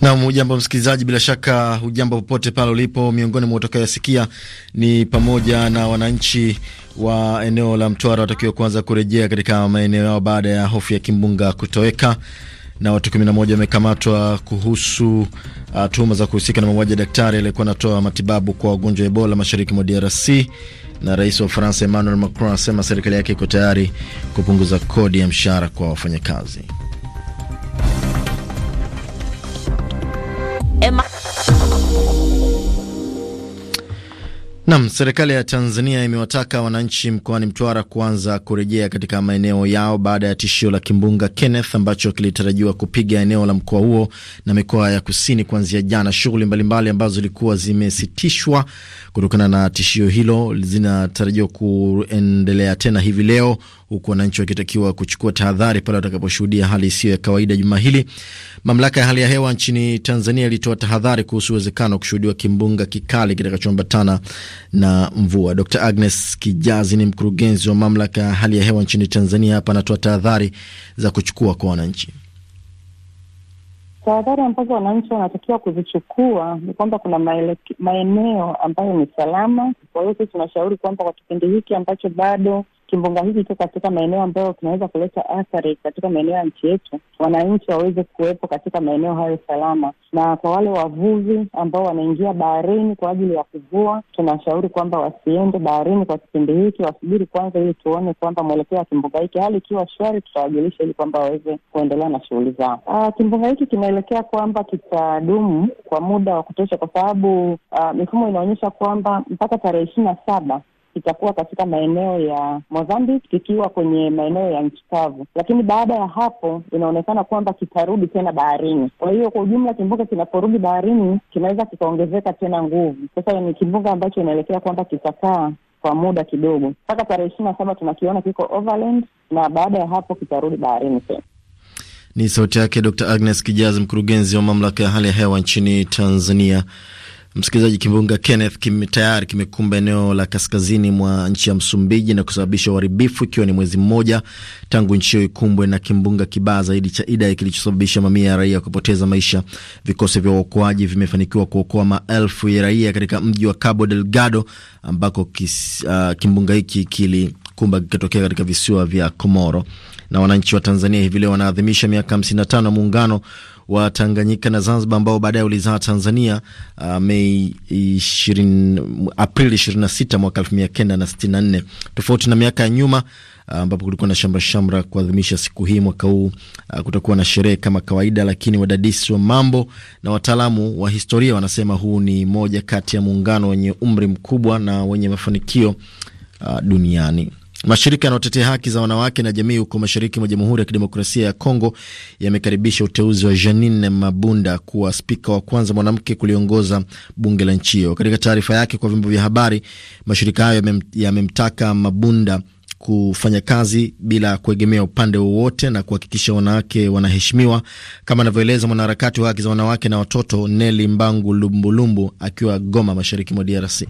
Nam, ujambo msikilizaji, bila shaka ujambo popote pale ulipo. Miongoni mwa utakayoyasikia ni pamoja na wananchi wa eneo la Mtwara watakiwa kuanza kurejea katika maeneo yao baada ya hofu ya kimbunga kutoweka, na watu 11 wamekamatwa kuhusu uh, tuhuma za kuhusika na mauaji ya daktari aliyekuwa anatoa matibabu kwa wagonjwa wa Ebola mashariki mwa DRC, na rais wa Ufaransa Emmanuel Macron asema serikali yake iko tayari kupunguza kodi ya mshahara kwa wafanyakazi. Am I? Nam, serikali ya Tanzania imewataka wananchi mkoani Mtwara kuanza kurejea katika maeneo yao baada ya tishio la kimbunga Kenneth ambacho kilitarajiwa kupiga eneo la mkoa huo na mikoa ya kusini kuanzia jana. Shughuli mbalimbali ambazo zilikuwa zimesitishwa kutokana na tishio hilo zinatarajiwa kuendelea tena hivi leo, huku wananchi wakitakiwa kuchukua tahadhari pale watakaposhuhudia hali isiyo ya kawaida juma hili. Mamlaka ya hali ya hewa nchini Tanzania ilitoa tahadhari kuhusu uwezekano wa kushuhudiwa kimbunga kikali kitakachoambatana na mvua. Dr Agnes Kijazi ni mkurugenzi wa mamlaka ya hali ya hewa nchini Tanzania. Hapa anatoa tahadhari za kuchukua kwa wananchi. Tahadhari ambazo wananchi wanatakiwa kuzichukua ni kwamba kuna maeneo ambayo ni salama. Kwa hiyo sisi tunashauri kwamba kwa kipindi hiki ambacho bado kimbunga hiki kiko katika maeneo ambayo kinaweza kuleta athari katika maeneo ya nchi yetu, wananchi waweze kuwepo katika maeneo hayo salama. Na kwa wale wavuvi ambao wanaingia baharini kwa ajili ya kuvua, tunashauri kwamba wasiende baharini kwa kipindi hiki, wasubiri kwanza, ili tuone kwamba mwelekeo wa kimbunga hiki, hali ikiwa shwari, tutawajulisha ili kwamba waweze kuendelea na shughuli zao. Ah, kimbunga hiki kinaelekea kwamba kitadumu kwa muda wa kutosha, kwa sababu ah, mifumo inaonyesha kwamba mpaka tarehe ishirini na saba itakuwa katika maeneo ya Mozambique kikiwa kwenye maeneo ya nchi kavu, lakini baada ya hapo inaonekana kwamba kitarudi tena baharini. Kwa hiyo kwa ujumla, kimbunga kinaporudi baharini kinaweza kikaongezeka tena nguvu. Sasa ni kimbunga ambacho inaelekea kwamba kitakaa kwa muda kidogo mpaka tarehe ishirini na saba tunakiona kiko overland, na baada ya hapo kitarudi baharini tena. Ni sauti yake Dr Agnes Kijazi, mkurugenzi wa mamlaka ya hali ya hewa nchini Tanzania. Msikilizaji, kimbunga Kenneth tayari kimekumba eneo la kaskazini mwa nchi ya Msumbiji na kusababisha uharibifu, ikiwa ni mwezi mmoja tangu nchi hiyo ikumbwe na kimbunga kibaya zaidi cha Idai kilichosababisha mamia ya raia kupoteza maisha. Vikosi vya uokoaji vimefanikiwa kuokoa maelfu ya raia katika mji wa Cabo Delgado ambako kis, uh, kimbunga hiki kilikumba kikitokea katika visiwa vya Komoro. Na wananchi wa Tanzania hivi leo wanaadhimisha miaka 55 ya muungano wa Tanganyika na Zanzibar ambao baadaye ulizaa Tanzania uh, Mei 20, Aprili 26 mwaka 1964 tofauti na miaka ya nyuma uh, ambapo uh, kulikuwa na shamra shamra kuadhimisha siku hii. Mwaka huu uh, kutakuwa na sherehe kama kawaida, lakini wadadisi wa mambo na wataalamu wa historia wanasema huu ni moja kati ya muungano wenye umri mkubwa na wenye mafanikio uh, duniani. Mashirika yanayotetea haki za wanawake na jamii huko mashariki mwa Jamhuri ya Kidemokrasia ya Kongo yamekaribisha uteuzi wa Janine Mabunda kuwa spika wa kwanza mwanamke kuliongoza bunge la nchi hiyo. Katika taarifa yake kwa vyombo vya habari, mashirika hayo yamemtaka ya Mabunda kufanya kazi bila kuegemea upande wowote na kuhakikisha wanawake wanaheshimiwa, kama anavyoeleza mwanaharakati wa haki za wanawake na watoto Neli Mbangu Lumbulumbu akiwa Goma, mashariki mwa DRC.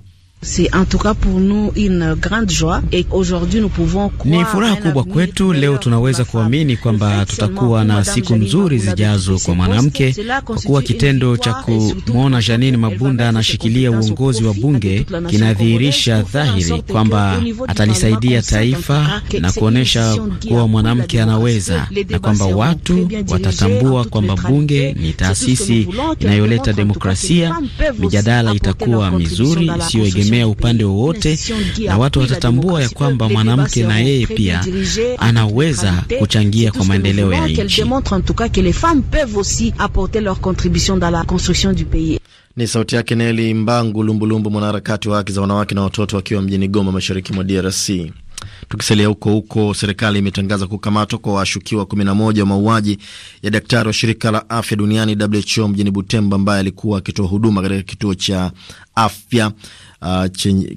Ni furaha kubwa kwetu leo, tunaweza kuamini kwamba tutakuwa na siku nzuri zijazo kwa mwanamke, kwa kuwa kitendo cha kumwona Janine Mabunda anashikilia uongozi wa bunge kinadhihirisha dhahiri kwamba atalisaidia taifa na kuonyesha kuwa mwanamke anaweza, na kwamba watu watatambua kwamba bunge ni taasisi inayoleta demokrasia. Mijadala itakuwa mizuri isiyo kuegemea upande wowote, na watu watatambua ya kwamba mwanamke na yeye pia anaweza kuchangia kwa maendeleo ya nchi. Ni sauti yake Neli Mbangu Lumbulumbu, mwanaharakati wa haki za wanawake na watoto, akiwa mjini Goma, mashariki mwa DRC. Tukisalia huko huko, serikali imetangaza kukamatwa kwa washukiwa 11 wa mauaji ya daktari wa shirika la afya duniani WHO mjini Butembo, ambaye alikuwa akitoa huduma katika kituo cha afya uh,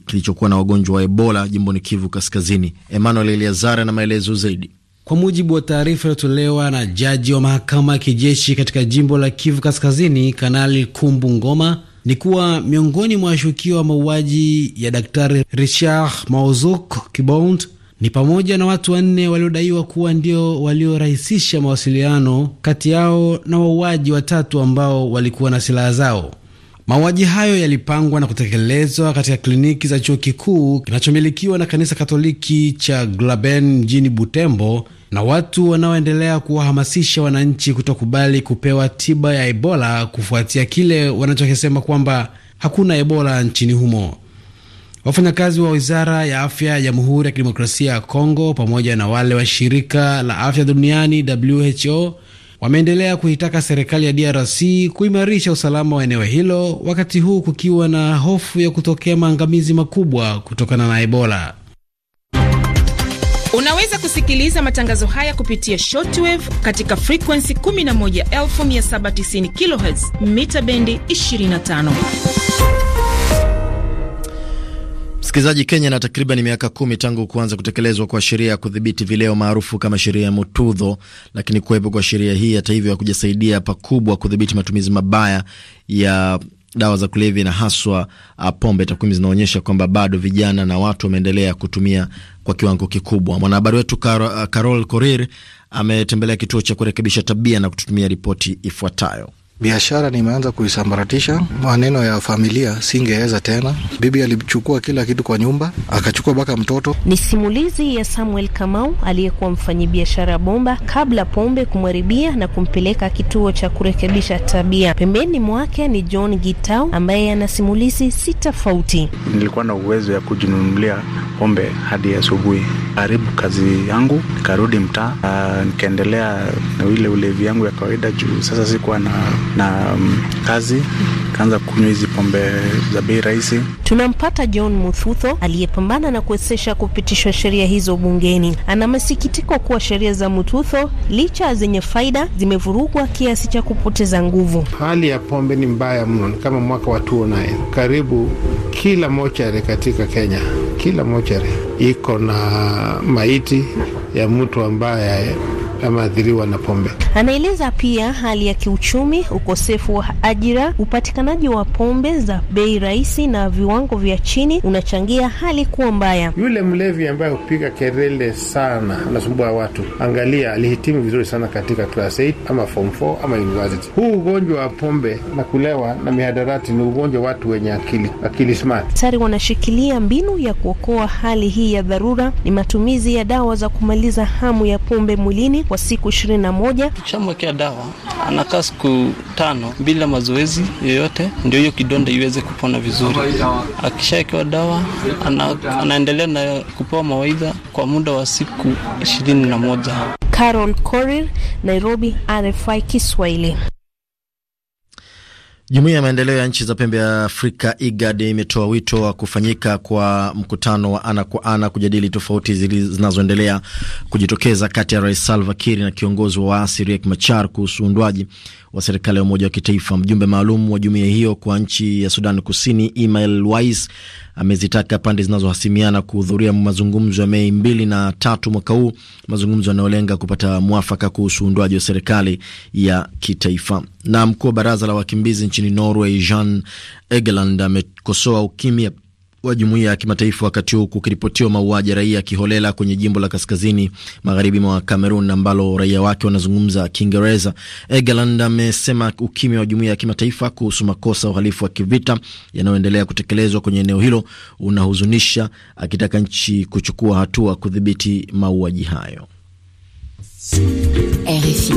kilichokuwa na wagonjwa wa Ebola jimboni Kivu Kaskazini. Emmanuel Eliazara na maelezo zaidi. Kwa mujibu wa taarifa iliyotolewa na jaji wa mahakama ya kijeshi katika jimbo la Kivu Kaskazini, Kanali Kumbu Ngoma ni kuwa miongoni mwa washukiwa wa mauaji ya Daktari Richard Mauzuk Kibond ni pamoja na watu wanne waliodaiwa kuwa ndio waliorahisisha mawasiliano kati yao na wauaji watatu ambao walikuwa na silaha zao. Mauaji hayo yalipangwa na kutekelezwa katika kliniki za chuo kikuu kinachomilikiwa na kanisa Katoliki cha Glaben mjini Butembo na watu wanaoendelea kuwahamasisha wananchi kutokubali kupewa tiba ya Ebola kufuatia kile wanachokisema kwamba hakuna Ebola nchini humo. Wafanyakazi wa wizara ya afya ya Jamhuri ya Kidemokrasia ya Kongo pamoja na wale wa shirika la afya duniani WHO wameendelea kuitaka serikali ya DRC kuimarisha usalama wa eneo hilo, wakati huu kukiwa na hofu ya kutokea maangamizi makubwa kutokana na Ebola. Unaweza kusikiliza matangazo haya kupitia shortwave katika frequency 11790 kHz mita bendi 25. Msikilizaji, Kenya na takriban miaka kumi tangu kuanza kutekelezwa kwa sheria ya kudhibiti vileo maarufu kama sheria ya Mutudho, lakini kuwepo kwa sheria hii hata hivyo hakujasaidia pakubwa kudhibiti matumizi mabaya ya dawa za kulevya na haswa ah, pombe. Takwimu zinaonyesha kwamba bado vijana na watu wameendelea kutumia kwa kiwango kikubwa. Mwanahabari wetu Carol Korir ametembelea kituo cha kurekebisha tabia na kututumia ripoti ifuatayo biashara nimeanza kuisambaratisha. Maneno ya familia singeweza tena. Bibi alichukua kila kitu kwa nyumba, akachukua mpaka mtoto. Ni simulizi ya Samuel Kamau aliyekuwa mfanyabiashara bomba kabla pombe kumharibia na kumpeleka kituo cha kurekebisha tabia. Pembeni mwake ni John Gitau ambaye ana simulizi si tofauti. Nilikuwa na uwezo ya kujinunulia pombe hadi asubuhi, karibu kazi yangu, nikarudi mtaa nikaendelea na ile ulevi yangu ya kawaida juu sasa sikuwa na na um, kazi kaanza kunywa hizi pombe za bei rahisi. Tunampata John Muthutho aliyepambana na kuwezesha kupitishwa sheria hizo bungeni. Ana masikitiko kuwa sheria za Muthutho licha zenye faida zimevurugwa kiasi cha kupoteza nguvu. Hali ya pombe ni mbaya mno. Kama mwaka wa 2009 karibu kila mochare katika Kenya, kila mochare iko na maiti ya mtu ambaye ameathiriwa na pombe. Anaeleza pia hali ya kiuchumi, ukosefu wa ajira, upatikanaji wa pombe za bei rahisi na viwango vya chini unachangia hali kuwa mbaya. Yule mlevi ambaye hupiga kelele sana anasumbua watu, angalia, alihitimu vizuri sana katika class 8 ama form 4 ama university. Huu ugonjwa wa pombe na kulewa na mihadarati ni ugonjwa watu wenye akili, akili smart. Daktari wanashikilia mbinu ya kuokoa hali hii ya dharura ni matumizi ya dawa za kumaliza hamu ya pombe mwilini kwa siku ishirini na moja. Ukishamwekea dawa anakaa siku tano bila mazoezi yoyote, ndio hiyo kidonda iweze kupona vizuri. Akishawekewa dawa ana, anaendelea na kupewa mawaidha kwa muda wa siku ishirini na moja. Carol Korir, Nairobi, RFI Kiswahili. Jumuiya ya maendeleo ya nchi za pembe ya Afrika, IGAD, imetoa wito wa kufanyika kwa mkutano wa ana kwa ana kujadili tofauti zinazoendelea kujitokeza kati ya Rais Salva Kiir na kiongozi wa waasi Riek Machar kuhusu uundwaji wa serikali ya umoja wa kitaifa. Mjumbe maalum wa jumuiya hiyo kwa nchi ya Sudan Kusini, Email Wais, amezitaka pande zinazohasimiana kuhudhuria mazungumzo ya Mei mbili na tatu mwaka huu, mazungumzo yanayolenga kupata mwafaka kuhusu uundwaji wa serikali ya kitaifa. Na mkuu wa baraza la wakimbizi nchini Norway Jan Egeland amekosoa ukimya wa jumuiya ya kimataifa wakati huu kukiripotiwa mauaji ya raia kiholela kwenye jimbo la kaskazini magharibi mwa Kamerun ambalo raia wake wanazungumza Kiingereza. Egeland amesema ukimya wa jumuiya ya kimataifa kuhusu makosa ya uhalifu wa kivita yanayoendelea kutekelezwa kwenye eneo hilo unahuzunisha, akitaka nchi kuchukua hatua kudhibiti mauaji hayo. RFI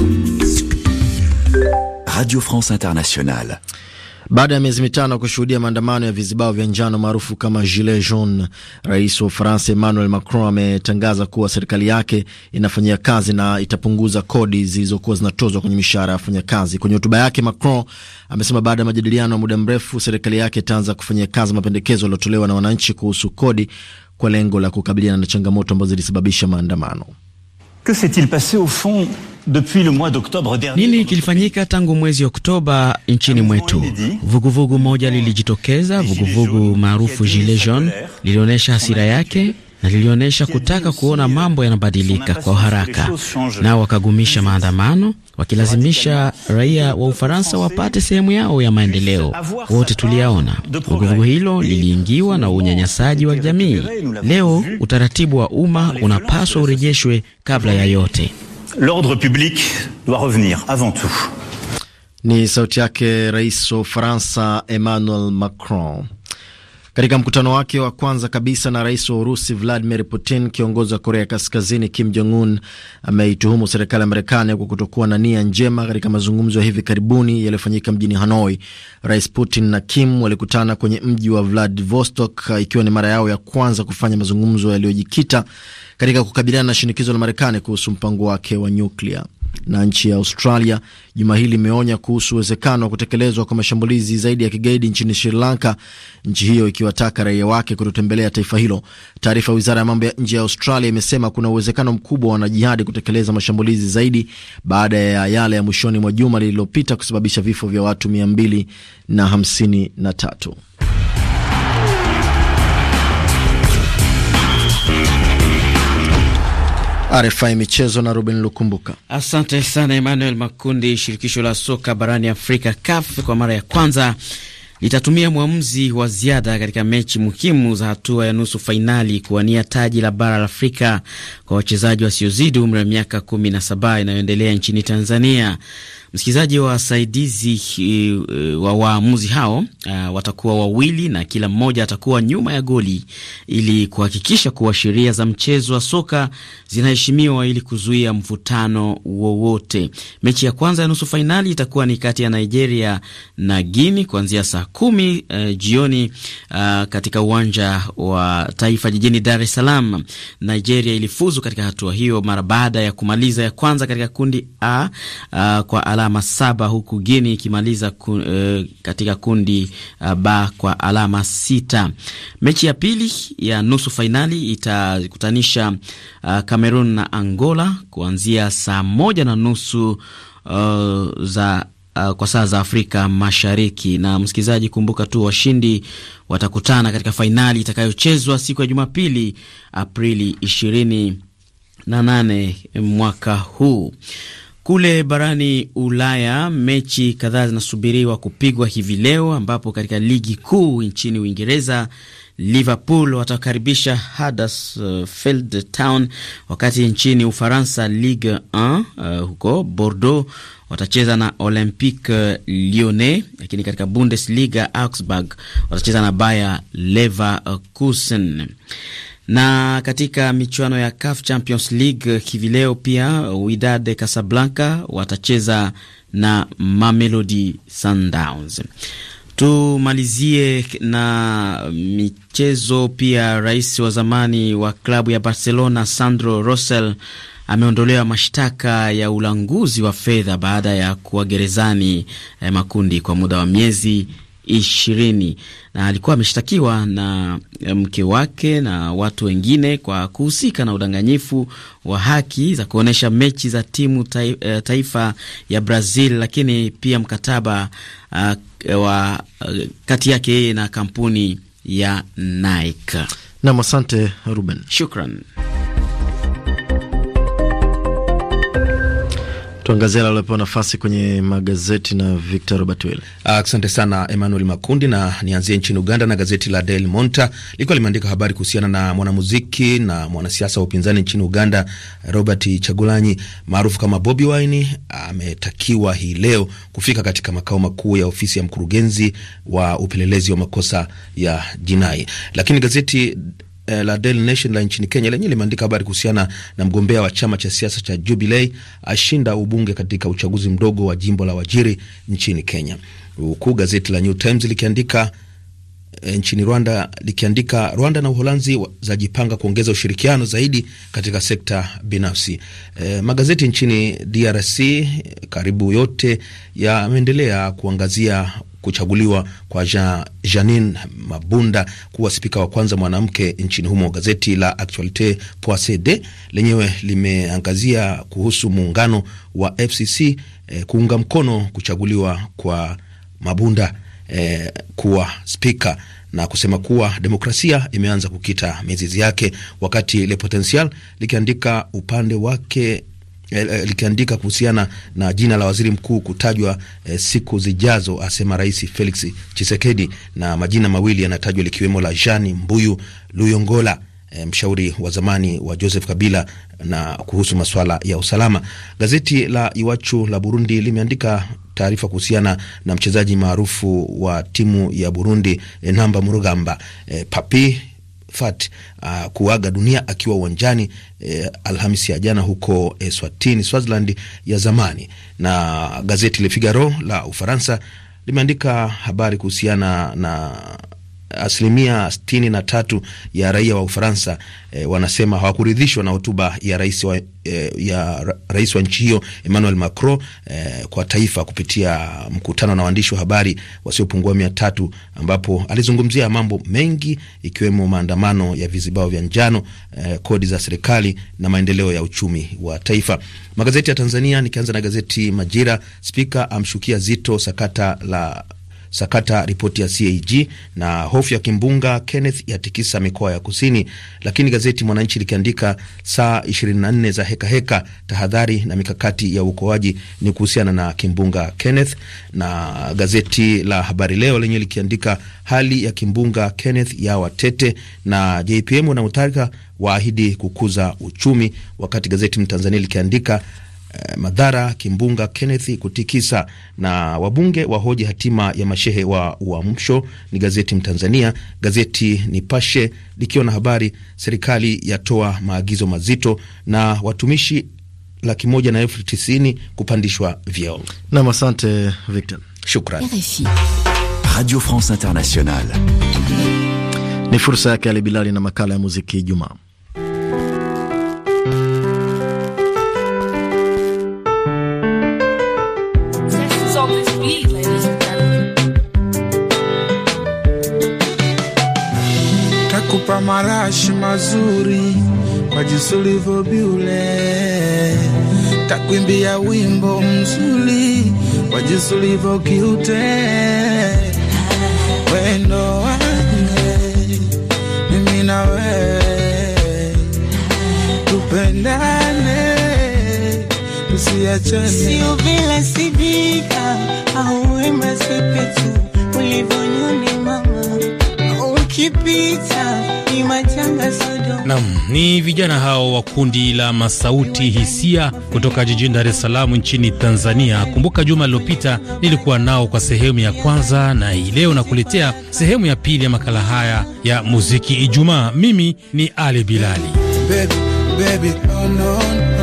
Radio France Internationale. Baada ya miezi mitano kushuhudia maandamano ya vizibao vya njano maarufu kama gilet jaune, rais wa Ufaransa Emmanuel Macron ametangaza kuwa serikali yake inafanyia kazi na itapunguza kodi zilizokuwa zinatozwa kwenye mishahara ya wafanyakazi. Kwenye hotuba yake, Macron amesema baada ya majadiliano ya muda mrefu, serikali yake itaanza kufanyia kazi mapendekezo yaliyotolewa na wananchi kuhusu kodi kwa lengo la kukabiliana na changamoto ambazo zilisababisha maandamano. que s'est-il au fond nini kilifanyika tangu mwezi Oktoba nchini mwetu? Vuguvugu moja lilijitokeza, vuguvugu maarufu Gilets Jaunes lilionyesha hasira yake na lilionyesha kutaka kuona mambo yanabadilika kwa haraka. Nao wakagumisha maandamano, wakilazimisha raia wa Ufaransa wapate sehemu yao ya maendeleo. Wote tuliyaona. Vuguvugu hilo liliingiwa na unyanyasaji wa jamii. Leo utaratibu wa umma unapaswa urejeshwe kabla ya yote l'ordre public doit revenir avant tout. Ni sauti yake Rais wa Ufaransa Emmanuel Macron katika mkutano wake wa kwanza kabisa na rais wa Urusi Vladimir Putin. Kiongozi wa Korea Kaskazini Kim Jong Un ameituhumu serikali ya Marekani kwa kutokuwa na nia njema katika mazungumzo ya hivi karibuni yaliyofanyika mjini Hanoi. Rais Putin na Kim walikutana kwenye mji wa Vladivostok, ikiwa ni mara yao ya kwanza kufanya mazungumzo yaliyojikita katika kukabiliana na shinikizo la Marekani kuhusu mpango wake wa nyuklia. Na nchi ya Australia juma hili imeonya kuhusu uwezekano wa kutekelezwa kwa mashambulizi zaidi ya kigaidi nchini Sri Lanka, nchi hiyo ikiwataka raia wake kutotembelea taifa hilo. Taarifa ya wizara ya mambo ya nje ya Australia imesema kuna uwezekano mkubwa wa wanajihadi kutekeleza mashambulizi zaidi baada ya yale ya mwishoni mwa juma lililopita kusababisha vifo vya watu 253. RFI Michezo na Ruben Lukumbuka. Asante sana Emmanuel Makundi. Shirikisho la soka barani Afrika, CAF, kwa mara ya kwanza litatumia mwamuzi wa ziada katika mechi muhimu za hatua ya nusu fainali kuwania taji la bara la Afrika kwa wachezaji wasiozidi umri wa miaka kumi na saba inayoendelea nchini Tanzania. Msikilizaji, wa wasaidizi eh, wa waamuzi hao uh, watakuwa wawili na kila mmoja atakuwa nyuma ya goli ili kuhakikisha kuwa sheria za mchezo wa soka zinaheshimiwa ili kuzuia mvutano wowote. Mechi ya kwanza ya nusu fainali itakuwa ni kati ya Nigeria na Guini kuanzia saa kumi uh, jioni uh, katika uwanja wa Taifa jijini Dar es Salaam. Nigeria ilifuzu katika hatua hiyo mara baada ya kumaliza ya kwanza katika kundi A uh, kwa ala alama saba huku Guinea ikimaliza ku, uh, katika kundi uh, eh, ba kwa alama sita. Mechi ya pili ya nusu fainali itakutanisha uh, Cameroon na Angola kuanzia saa moja na nusu uh, za Uh, kwa saa za Afrika Mashariki. Na msikilizaji, kumbuka tu washindi watakutana katika fainali itakayochezwa siku ya Jumapili, Aprili 28 mwaka huu. Kule barani Ulaya, mechi kadhaa zinasubiriwa kupigwa hivi leo, ambapo katika ligi kuu nchini Uingereza Liverpool watakaribisha Huddersfield Town, wakati nchini Ufaransa Ligue 1 uh, huko Bordeaux watacheza na Olympique Lyonnais, lakini katika Bundesliga Augsburg watacheza na Bayer Leverkusen. Na katika michuano ya CAF Champions League eh, hivi leo pia eh, Wydad Casablanca watacheza na Mamelodi Sundowns. Tumalizie na michezo pia. Rais wa zamani wa klabu ya Barcelona Sandro Rosell ameondolewa mashtaka ya ulanguzi wa fedha baada ya kuwa gerezani eh, makundi kwa muda wa miezi ishirini na alikuwa ameshtakiwa na eh, mke wake na watu wengine kwa kuhusika na udanganyifu wa haki za kuonyesha mechi za timu eh, taifa ya Brazil, lakini pia mkataba uh, wa uh, kati yake yeye na kampuni ya Nike. Nam, asante Ruben, shukran. Tuangazie la lopewa nafasi kwenye magazeti na Victor Robert Will. Asante sana Emmanuel Makundi, na nianzie nchini Uganda na gazeti la Daily Monitor liko limeandika habari kuhusiana na mwanamuziki na mwanasiasa wa upinzani nchini Uganda Robert Chagulanyi maarufu kama Bobi Wine ametakiwa hii leo kufika katika makao makuu ya ofisi ya mkurugenzi wa upelelezi wa makosa ya jinai, lakini gazeti eh, la Daily Nation la nchini Kenya lenye limeandika habari kuhusiana na mgombea wa chama cha siasa cha Jubilee ashinda ubunge katika uchaguzi mdogo wa jimbo la Wajiri nchini Kenya, huku gazeti la New Times likiandika eh, nchini Rwanda likiandika Rwanda na Uholanzi zajipanga kuongeza ushirikiano zaidi katika sekta binafsi. E, magazeti nchini DRC karibu yote yameendelea kuangazia kuchaguliwa kwa Jean, Janine Mabunda kuwa spika wa kwanza mwanamke nchini humo. Gazeti la Actualite Poicede lenyewe limeangazia kuhusu muungano wa FCC eh, kuunga mkono kuchaguliwa kwa Mabunda eh, kuwa spika na kusema kuwa demokrasia imeanza kukita mizizi yake, wakati Le Potentiel likiandika upande wake Eh, likiandika kuhusiana na jina la waziri mkuu kutajwa e, siku zijazo, asema Rais Felix chisekedi na majina mawili yanatajwa likiwemo la Jean Mbuyu Luyongola e, mshauri wa zamani wa Joseph Kabila na kuhusu masuala ya usalama. Gazeti la Iwachu la Burundi limeandika taarifa kuhusiana na mchezaji maarufu wa timu ya Burundi namba Murugamba e, Papi Arafat uh, kuaga dunia akiwa uwanjani eh, Alhamisi ya jana huko Eswatini, eh, Swaziland ya zamani. Na gazeti Le Figaro la Ufaransa limeandika habari kuhusiana na asilimia sitini na tatu ya raia wa Ufaransa e, wanasema hawakuridhishwa na hotuba ya rais wa, e, ya rais wa nchi hiyo Emmanuel Macron e, kwa taifa kupitia mkutano na waandishi wa habari wasiopungua mia tatu ambapo alizungumzia mambo mengi ikiwemo maandamano ya vizibao vya njano e, kodi za serikali na maendeleo ya uchumi wa taifa. Magazeti ya Tanzania, nikianza na gazeti Majira, spika amshukia Zito sakata la sakata ripoti ya CAG na hofu ya kimbunga Kenneth yatikisa mikoa ya kusini, lakini gazeti Mwananchi likiandika saa 24 za hekaheka heka, tahadhari na mikakati ya uokoaji ni kuhusiana na kimbunga Kenneth, na gazeti la Habari Leo lenyewe likiandika hali ya kimbunga Kenneth ya watete na JPM na Mutharika waahidi kukuza uchumi, wakati gazeti Mtanzania likiandika Eh, madhara kimbunga Kenneth kutikisa, na wabunge wahoji hatima ya mashehe wa Uamsho. Ni gazeti Mtanzania. Gazeti Nipashe likiwa na habari serikali yatoa maagizo mazito na watumishi laki moja na elfu tisini kupandishwa vyeo. Nam, asante Victor, shukran. Radio France Internationale ni fursa yake Ali Bilali na makala ya muziki Ijumaa. marashi mazuri, majisi ulivyobiule, takwimbia wimbo mzuri, majisi ulivyokiute, wendo wange mimi na wewe tupendane tusiachane, sio vile sidika au wema Nam ni vijana hao wa kundi la Masauti Hisia kutoka jijini Dar es Salaam nchini Tanzania. Kumbuka juma lililopita nilikuwa nao kwa sehemu ya kwanza, na hii leo nakuletea sehemu ya pili ya makala haya ya muziki Ijumaa. Mimi ni Ali Bilali. Baby, baby, oh no.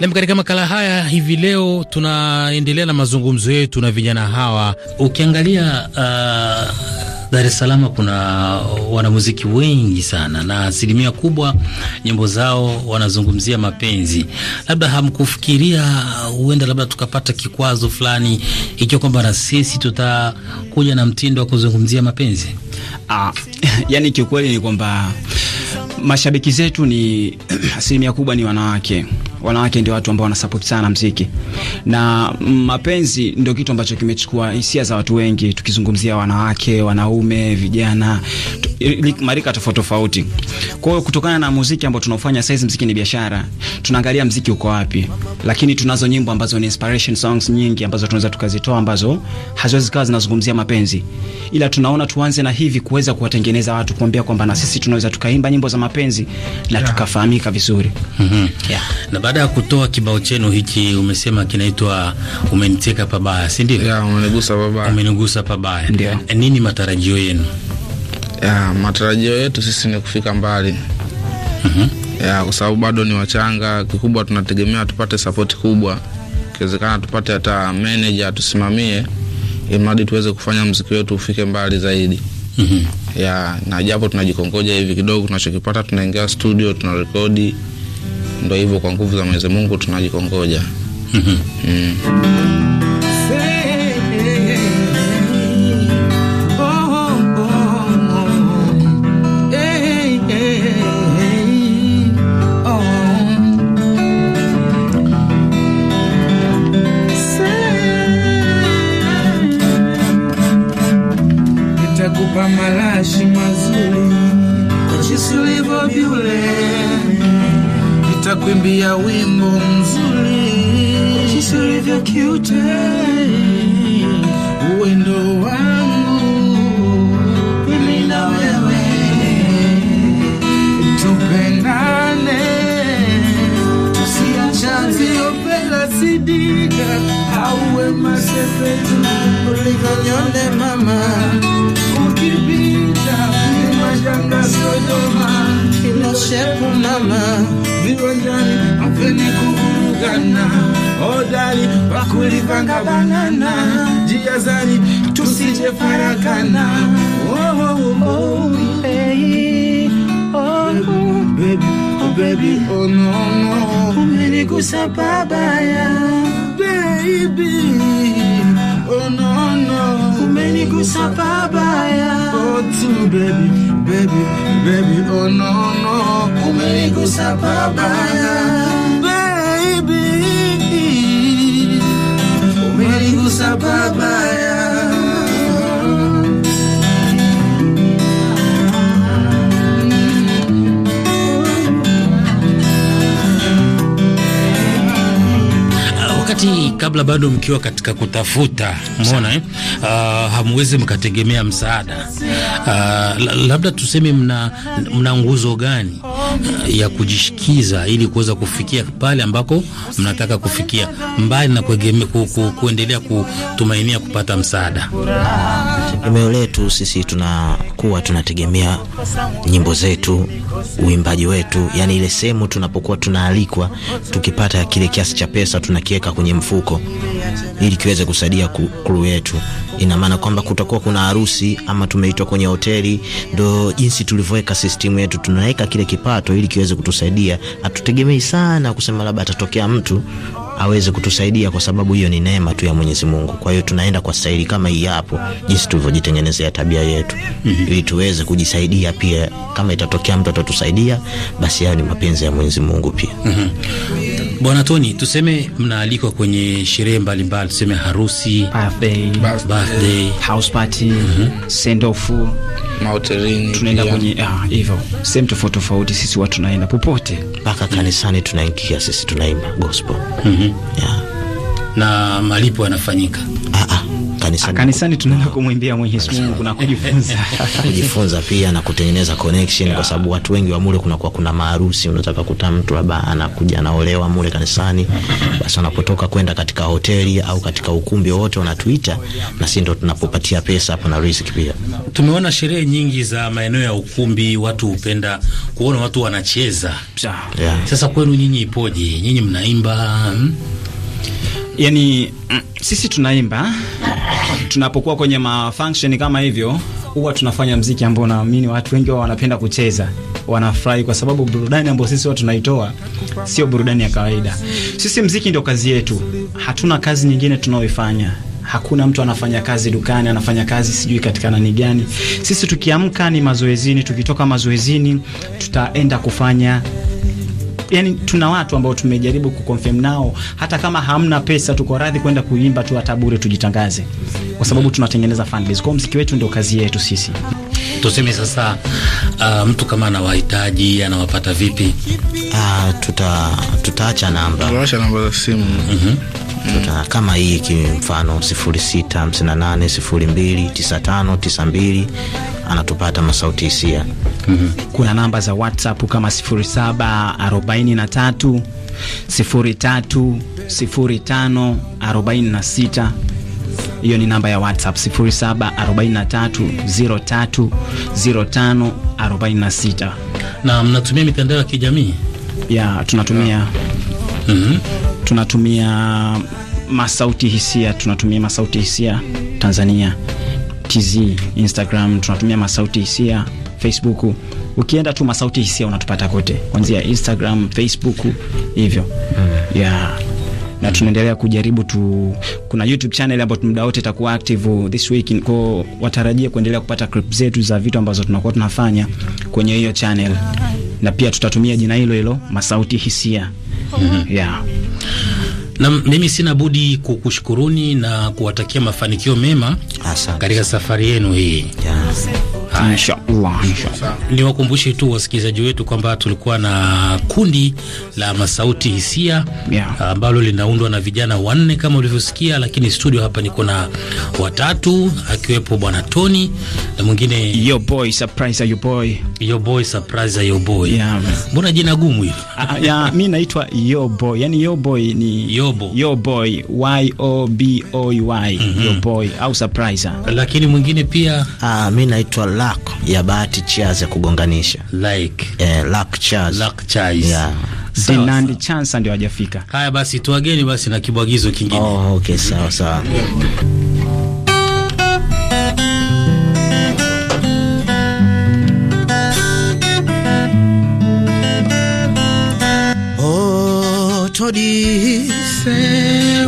Nam, katika makala haya hivi leo tunaendelea na mazungumzo yetu na vijana hawa. Ukiangalia uh... Dar es Salaam kuna wanamuziki wengi sana na asilimia kubwa nyimbo zao wanazungumzia mapenzi. Labda hamkufikiria huenda labda tukapata kikwazo fulani ikiwa kwamba na sisi tutakuja na mtindo wa kuzungumzia mapenzi? Ah, yani kiukweli ni kwamba mashabiki zetu ni asilimia kubwa ni wanawake wanawake ndio watu ambao wanasupport sana mziki na mapenzi ndio kitu ambacho kimechukua hisia za watu wengi, tukizungumzia wanawake, wanaume, vijana tu marika tofauti tofauti. Kwa hiyo kutokana na muziki ambao tunaofanya sasa, muziki ni biashara, tunaangalia muziki uko wapi, lakini tunazo nyimbo ambazo ni inspiration songs nyingi ambazo tunaweza tukazitoa ambazo haziwezi kawa zinazungumzia mapenzi, ila tunaona tuanze na hivi kuweza kuwatengeneza watu, kuambia kwamba na sisi tunaweza tukaimba nyimbo za mapenzi na yeah, tukafahamika vizuri mm -hmm. yeah. Na baada ya kutoa kibao chenu hiki, umesema kinaitwa umeniteka pabaya, si ndio? Yeah, umenigusa pabaya, umenigusa pabaya. Ndio nini matarajio yenu? ya, matarajio yetu sisi ni kufika mbali mm -hmm. ya, kwa sababu bado ni wachanga. Kikubwa tunategemea tupate sapoti kubwa, ikiwezekana tupate hata meneja atusimamie, imradi tuweze kufanya mziki wetu ufike mbali zaidi. Mm -hmm. ya, na japo tunajikongoja hivi kidogo, tunachokipata tunaingia studio, tunarekodi, ndo hivyo, kwa nguvu za Mwenyezi Mungu tunajikongoja. Mhm. mm -hmm. mm. kuimbia wimbo mzuri jinsi ulivyo cute uwendo wangu mimi na wewe tupendane tusiachane opera sidika au wema sepetu ulikonyonde mama ukipita majanga Sodoma kila shepu mama ndani apeni kuvurugana hodari wakulipanga banana jiazani tusije farakana oh, oh, oh. Hey, oh, baby, oh, baby, oh no no, umenigusa pabaya baby, oh no no, umenigusa pabaya, oh too baby baby, baby, oh no, no Umenigusa pabaya Baby Umenigusa pabaya wakati kabla bado mkiwa katika kutafuta mona eh, uh, hamwezi mkategemea msaada uh, labda tuseme mna, mna nguzo gani ya kujishikiza ili kuweza kufikia pale ambako mnataka kufikia, mbali na kuegemea ku, ku, kuendelea kutumainia kupata msaada. Eneo letu sisi tunakuwa tunategemea nyimbo zetu, uimbaji wetu, yani ile sehemu tunapokuwa tunaalikwa, tukipata kile kiasi cha pesa tunakiweka kwenye mfuko ili kiweze kusaidia kuru yetu ina maana kwamba kutakuwa kuna harusi ama tumeitwa kwenye hoteli. Ndo jinsi tulivyoweka system yetu, tunaweka kile kipato ili kiweze kutusaidia. Hatutegemei sana kusema labda atatokea mtu aweze kutusaidia, kwa sababu hiyo ni neema tu ya Mwenyezi Mungu. Kwa hiyo tunaenda kwa staili kama hii hapo, jinsi tulivyojitengenezea tabia yetu mm -hmm. ili tuweze kujisaidia pia. Kama itatokea mtu atatusaidia, basi hayo ni mapenzi ya Mwenyezi Mungu pia mm -hmm. Bwana Tony, tuseme mnaalikwa kwenye sherehe mbalimbali, tuseme harusi, birthday, birthday, house party, mhm. send off, mahotelini, tunaenda kwenye ah, hivyo sehemu tofauti tofauti. Sisi watu tunaenda popote, mpaka kanisani tunaingia sisi, tunaimba gospel. mm -hmm. yeah. na malipo yanafanyika ah, ah kanisani, kanisani tunaenda kumwimbia Mwenyezi Mungu, na kujifunza kujifunza pia na kutengeneza connection yeah. Kwa sababu watu wengi wa mule kunakuwa kuna, kuna maharusi, unataka kuta mtu labda anakuja anaolewa mule kanisani, basi wanapotoka kwenda katika hoteli au katika ukumbi wote wanatuita, na sisi ndo tunapopatia pesa hapo na risk pia. Tumeona sherehe nyingi za maeneo ya ukumbi, watu hupenda kuona watu wanacheza yeah. Sasa kwenu nyinyi ipoje? Nyinyi mnaimba? Hmm? Yani, mm, sisi tunaimba tunapokuwa kwenye mafunction kama hivyo, huwa tunafanya mziki ambao naamini watu wengi wao wanapenda kucheza, wanafurahi kwa sababu burudani ambayo sisi wao tunaitoa sio burudani ya kawaida. Sisi mziki ndio kazi yetu, hatuna kazi nyingine tunaoifanya. Hakuna mtu anafanya kazi dukani, anafanya kazi sijui katika nani gani. Sisi tukiamka ni mazoezini, tukitoka mazoezini tutaenda kufanya yani tuna watu ambao tumejaribu kuconfirm nao, hata kama hamna pesa, tuko radhi kwenda kuimba tu hata bure, tujitangaze, kwa sababu tunatengeneza fan base. Kwa muziki wetu ndio kazi yetu sisi. Tuseme sasa, uh, mtu kama anawahitaji anawapata vipi? Uh, tuta tutaacha namba tutaacha namba za simu. mm -hmm tuta kama hii kimfano 0658029592 anatupata Masauti Hisia. Mm -hmm. Kuna namba za WhatsApp kama 0743 03 05 46 hiyo ni namba ya WhatsApp 0743030546. Na mnatumia mitandao ya kijamii? Ya, tunatumia. Mhm. Mm tunatumia masauti hisia, tunatumia masauti hisia Tanzania, TZ, Instagram, tunatumia masauti hisia Facebook. Ukienda tu masauti hisia unatupata kote, kuanzia Instagram, Facebook hivyo mm. yeah na tunaendelea kujaribu tu. Kuna YouTube channel ambayo muda wote itakuwa active this week, kwa watarajia kuendelea kupata clip zetu za vitu ambazo tunakuwa tunafanya kwenye hiyo channel, na pia tutatumia jina hilo hilo Masauti Hisia. mm -hmm. yeah na mimi sina budi kukushukuruni na kuwatakia mafanikio mema katika safari yenu hii yeah. Inshallah, inshallah. Niwakumbushe tu wasikilizaji wetu kwamba tulikuwa na kundi la Masauti Hisia ambalo yeah, linaundwa na vijana wanne kama ulivyosikia, lakini studio hapa niko na watatu akiwepo Bwana Tony na mwingine yo boy surprise yo boy yo boy surprise yo boy. Mbona jina gumu hilo? Ah, ah, ya mimi naitwa yo boy, yani yo boy ni yobo yo boy y o b o y mhm. yo boy au surprise. Lakini mwingine pia ah, mimi naitwa luck ya bahati chance ya kugonganisha like eh, luck chance luck chance yeah Dinandi chance ndio hajafika. Haya basi tuwageni basi na kibwagizo kingine. Oh, okay, sawa sawa. Oh, todise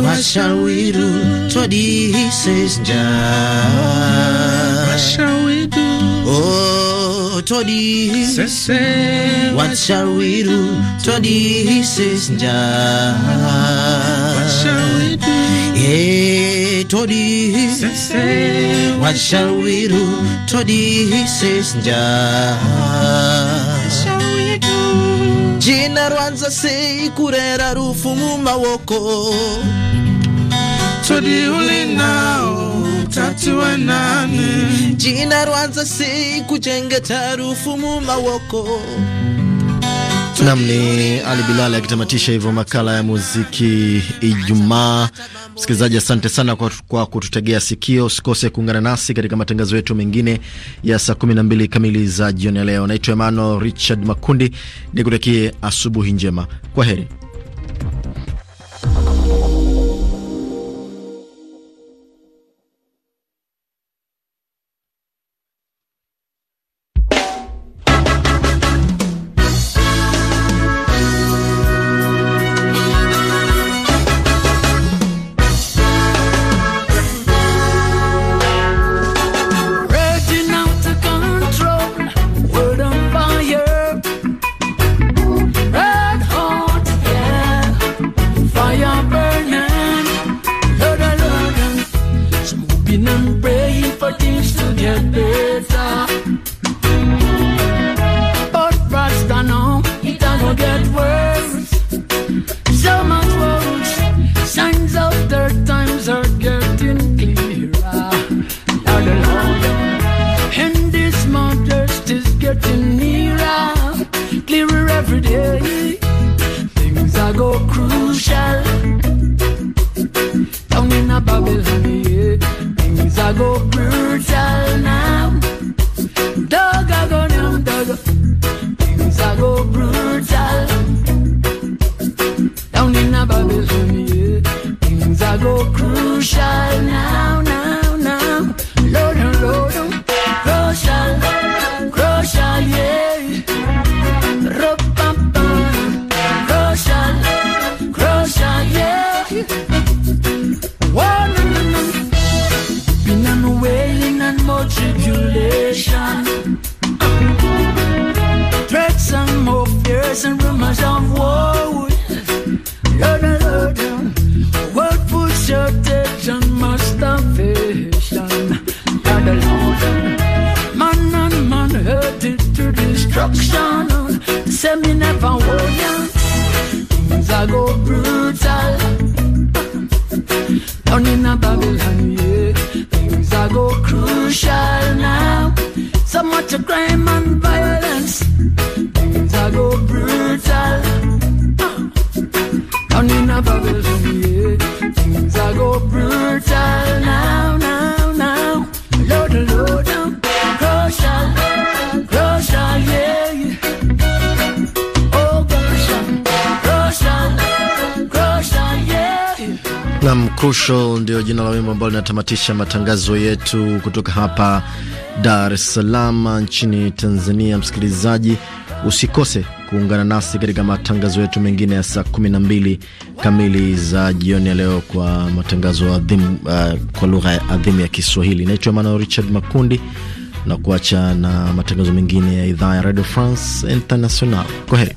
washawiru todise sja Oh, Toddy, what shall we do? Toddy, sister, what shall we do? Yeah, Toddy, what shall we do? Toddy, sister. Jina Rwanza sei kurera rufu mu mawoko Todi ulinao wa nane jina Rwanza si kujenga tarufu mu mawoko Nam ni Ali Bilali akitamatisha hivyo makala ya muziki Ijumaa. Msikilizaji, asante sana kwa, kwa kututegea sikio. Usikose kuungana nasi katika matangazo yetu mengine ya saa 12 kamili za jioni ya leo. Naitwa Emmanuel Richard Makundi, nikutakie asubuhi njema. Kwa heri. chega much of crime and violence. Things are go brutal. Down in a Babylon, yeah. Things are go brutal now, now, now. Load, load, down. Crucial, crucial, yeah. Oh, crucial, crucial, crucial, yeah. Nam Crucial ndio jina la wimbo ambalo linatamatisha matangazo yetu kutoka hapa Dar es Salaam nchini Tanzania. Msikilizaji, usikose kuungana nasi katika matangazo yetu mengine ya saa 12 kamili za jioni ya leo kwa matangazo adhimu, uh, kwa lugha ya adhimu ya Kiswahili. Naitwa mana Richard Makundi na kuacha na matangazo mengine ya idhaa ya Radio France International. Kwa heri.